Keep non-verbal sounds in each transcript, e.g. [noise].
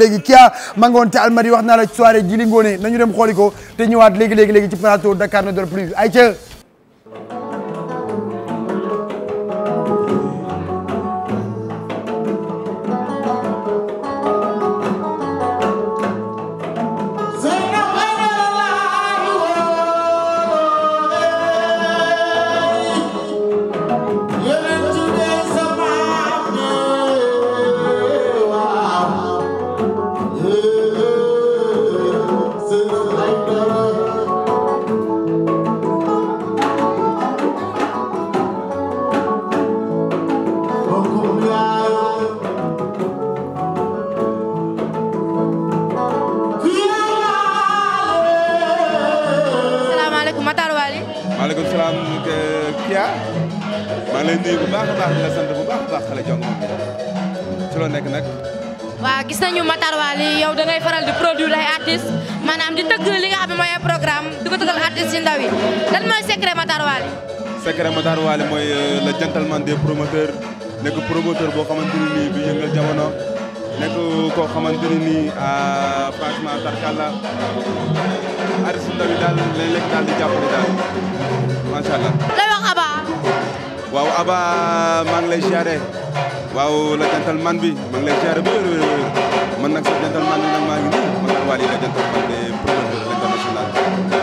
léegi Kia ma nga woon te Almadi wax naa la soirée ji li ngoone nañu dem xooli ko te ñëwaat léegi léegi léegi ci plateau Dakar ne dort plus ay ca salaamaaleykum Matar Wali. maaleykum salaam Kia. maa ngi lay nuyu bu baax a baax di bu baax a baax xale jong nekk nag. waaw gis nañu Matar Wali yow faral di produire ay artistes maanaam di tëgg li nga mooy ay programme di ko tëggal artistes yu mooy secret Matar Wali. secret Matar Wali mooy euh, le gentleman des promoteurs nekk promoteur boo xamante ni bii yëngal jamono. nekk koo xamante ni nii ah, franchement tarkalla artiste ndaw yi daal léeg-léeg daal di jàppale daal macha allah. lay wax Aba. waaw Aba maa ngi lay siyaare waaw la bi maa ngi lay siyaare bu wér man nag sa gentleman bi nag maa nii man nag Waly la gentleman de promoteur international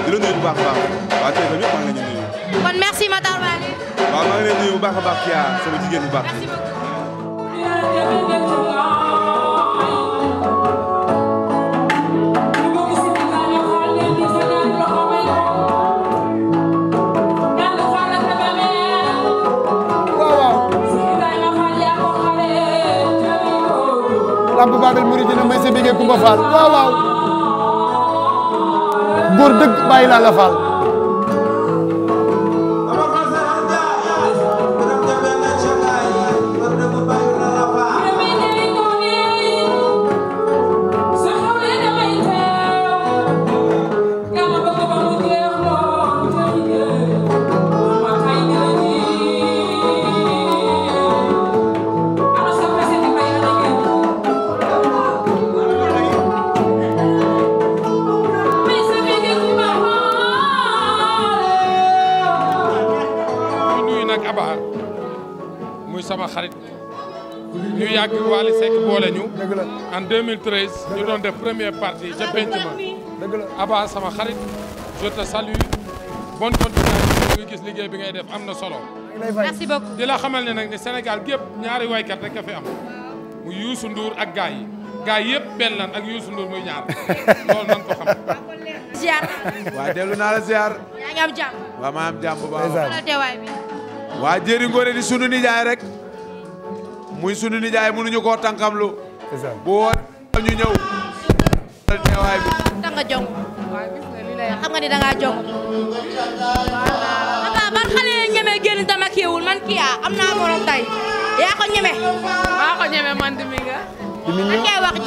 di la nuyu bu baax a baax waaw tey tamit maa ngi la ñu nuyu. kon merci Matar Waly. waaw maa ngi lay nuyu bu baax a baax kii sama jigéen bu lamb Babel Mouridina may sa bégee Kumba Fall waaw waaw góor dëgg bàyyi laa la Fall muy sama xarit ñu yàgg Wally Seck boole ñu. en 2013. ñu doon de première partie ca penc ma. dëgg la Abba sama xarit. je te salue. bonne continuation ñu gis liggéey bi ngay def am na solo. merci beaucoup di la xamal ne nag ne Sénégal gépp ñaari waykat rek a fi am. mu Youssou Ndour ak gaay gaay yëpp benn lan ak Youssou Ndour muy ñaar loolu nan ko xam. ziar. waaw dellu naa la ziar. yaa ngi am jàmm. waaw maa am jàmm bu waa Jéeri Ngóore di sunu nijaay rek muy sunu nijaay mënuñu koo tànkamlu. bu woon ñu ñëw. teewaay bi. da nga jong. xam nga ni da jong. papa man xale ñeme génn tam ak yewul man kii yaa ah, am naa morom yaa ko ñeme. maa ko ñeme man dimi nga. dimi nga wax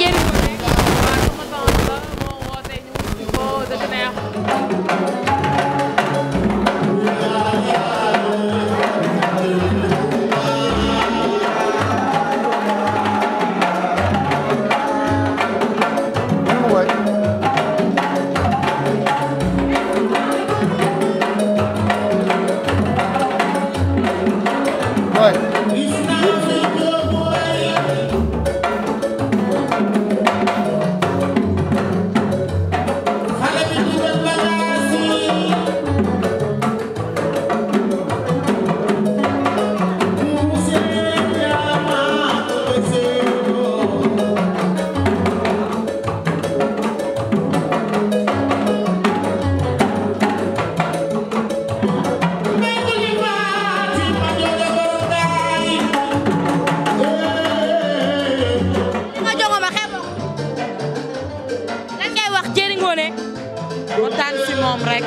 kontaan si moom rek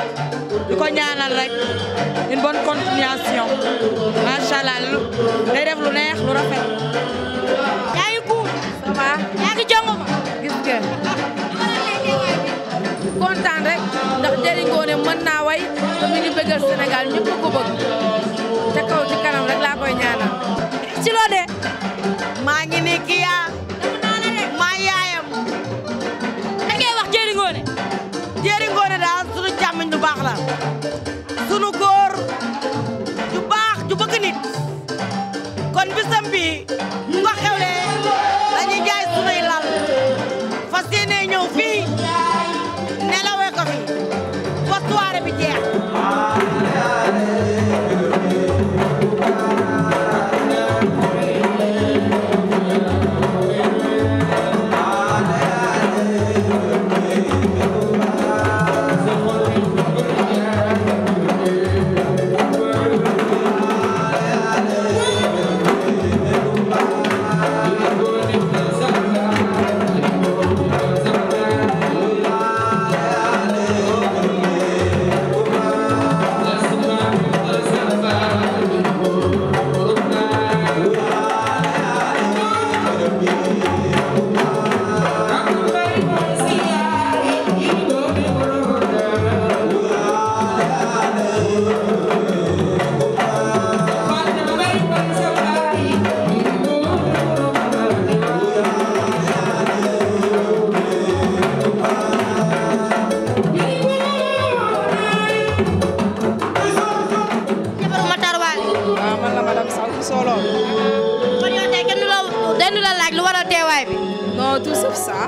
di ko ñaanal rek une bonne continuation macha allah lu lu neex lu rafet. yaa ngi cool. ça va. yaa ngi jongoma. kontaan rek ndax Njeri Ngoné mën naa way te mu bëggal Sénégal ñëpp ko bëgg ca kaw kanam rek laa koy ñaanal. ci loo de maa ngi ni kii soo loolu. kon la laaj lu waral teewaay bi. non tout sauf ça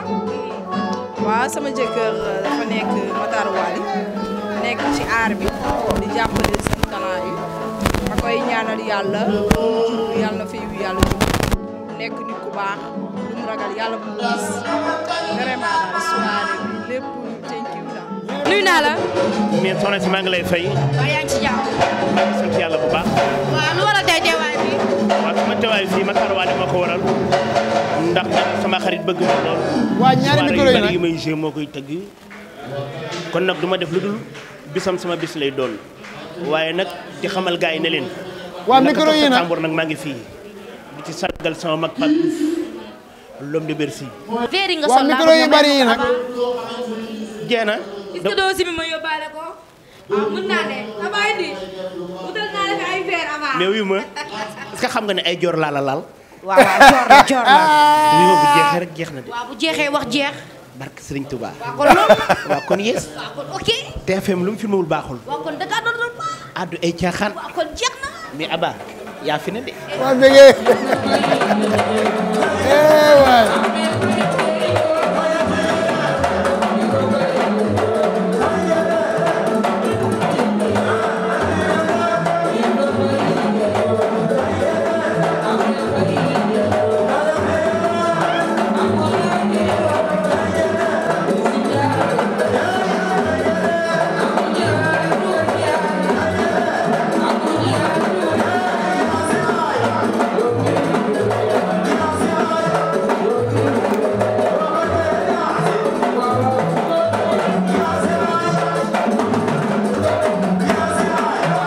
waaw sama jëkkër euh, dafa nekk Matar Wali nekk ci aar bi di jàppale seen talent yi ma koy ñaanal yàlla yàlla na fi yàlla nekk nit ku baax lu mu ragal yàlla bu mu gis vraiment soirée bi lépp thank you la. nuyu naa la. mais soxna si maa ngi lay fay. waaw yaa ci jàmm. bu baax. waaw lu waral tey teewaay. teewaayu fii Matar Wade ma ko waral ndax nag sama xarit bëgg na lool. waa ñaari micro yi nag yi moo koy tëgg. kon nag duma def lu dul bisam sama bis lay doon waaye nag di xamal gars yi ne leen. waa micro nag maa ngi fii di ci sargal sama mag Pape Diouf l'homme de Bercy. verre yi nga sol nag. jeena. est-ce que si bi ma yóbbaale ko. waaw ah, mën naa ne dama ah, indi wutal naa la fi ay verre avant. mais ma est-ce xam nga ne ay joor laala laal. waaw waaw joor la ah. rek jeex na de. waaw bu jeexee wax jeex. barke Serigne Touba. waaw kon loolu. waaw kon yes. waaw lu mu filmewul baaxul. waaw kon da ngaa doon baax. addu ay caaxaan. waaw kon jeex na. mais Aba yaa fi ne de. Eh, [laughs]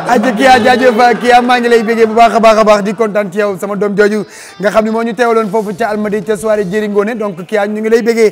aja Kya jaajëf Kya maa ngi lay begee bu baax a baax a baax di kontaan ci yow sama doom jooju nga xam ne moo ñu teewaloon foofu ca Almadi ca soirée jëri ngoone donc Kya ñu ngi lay bégee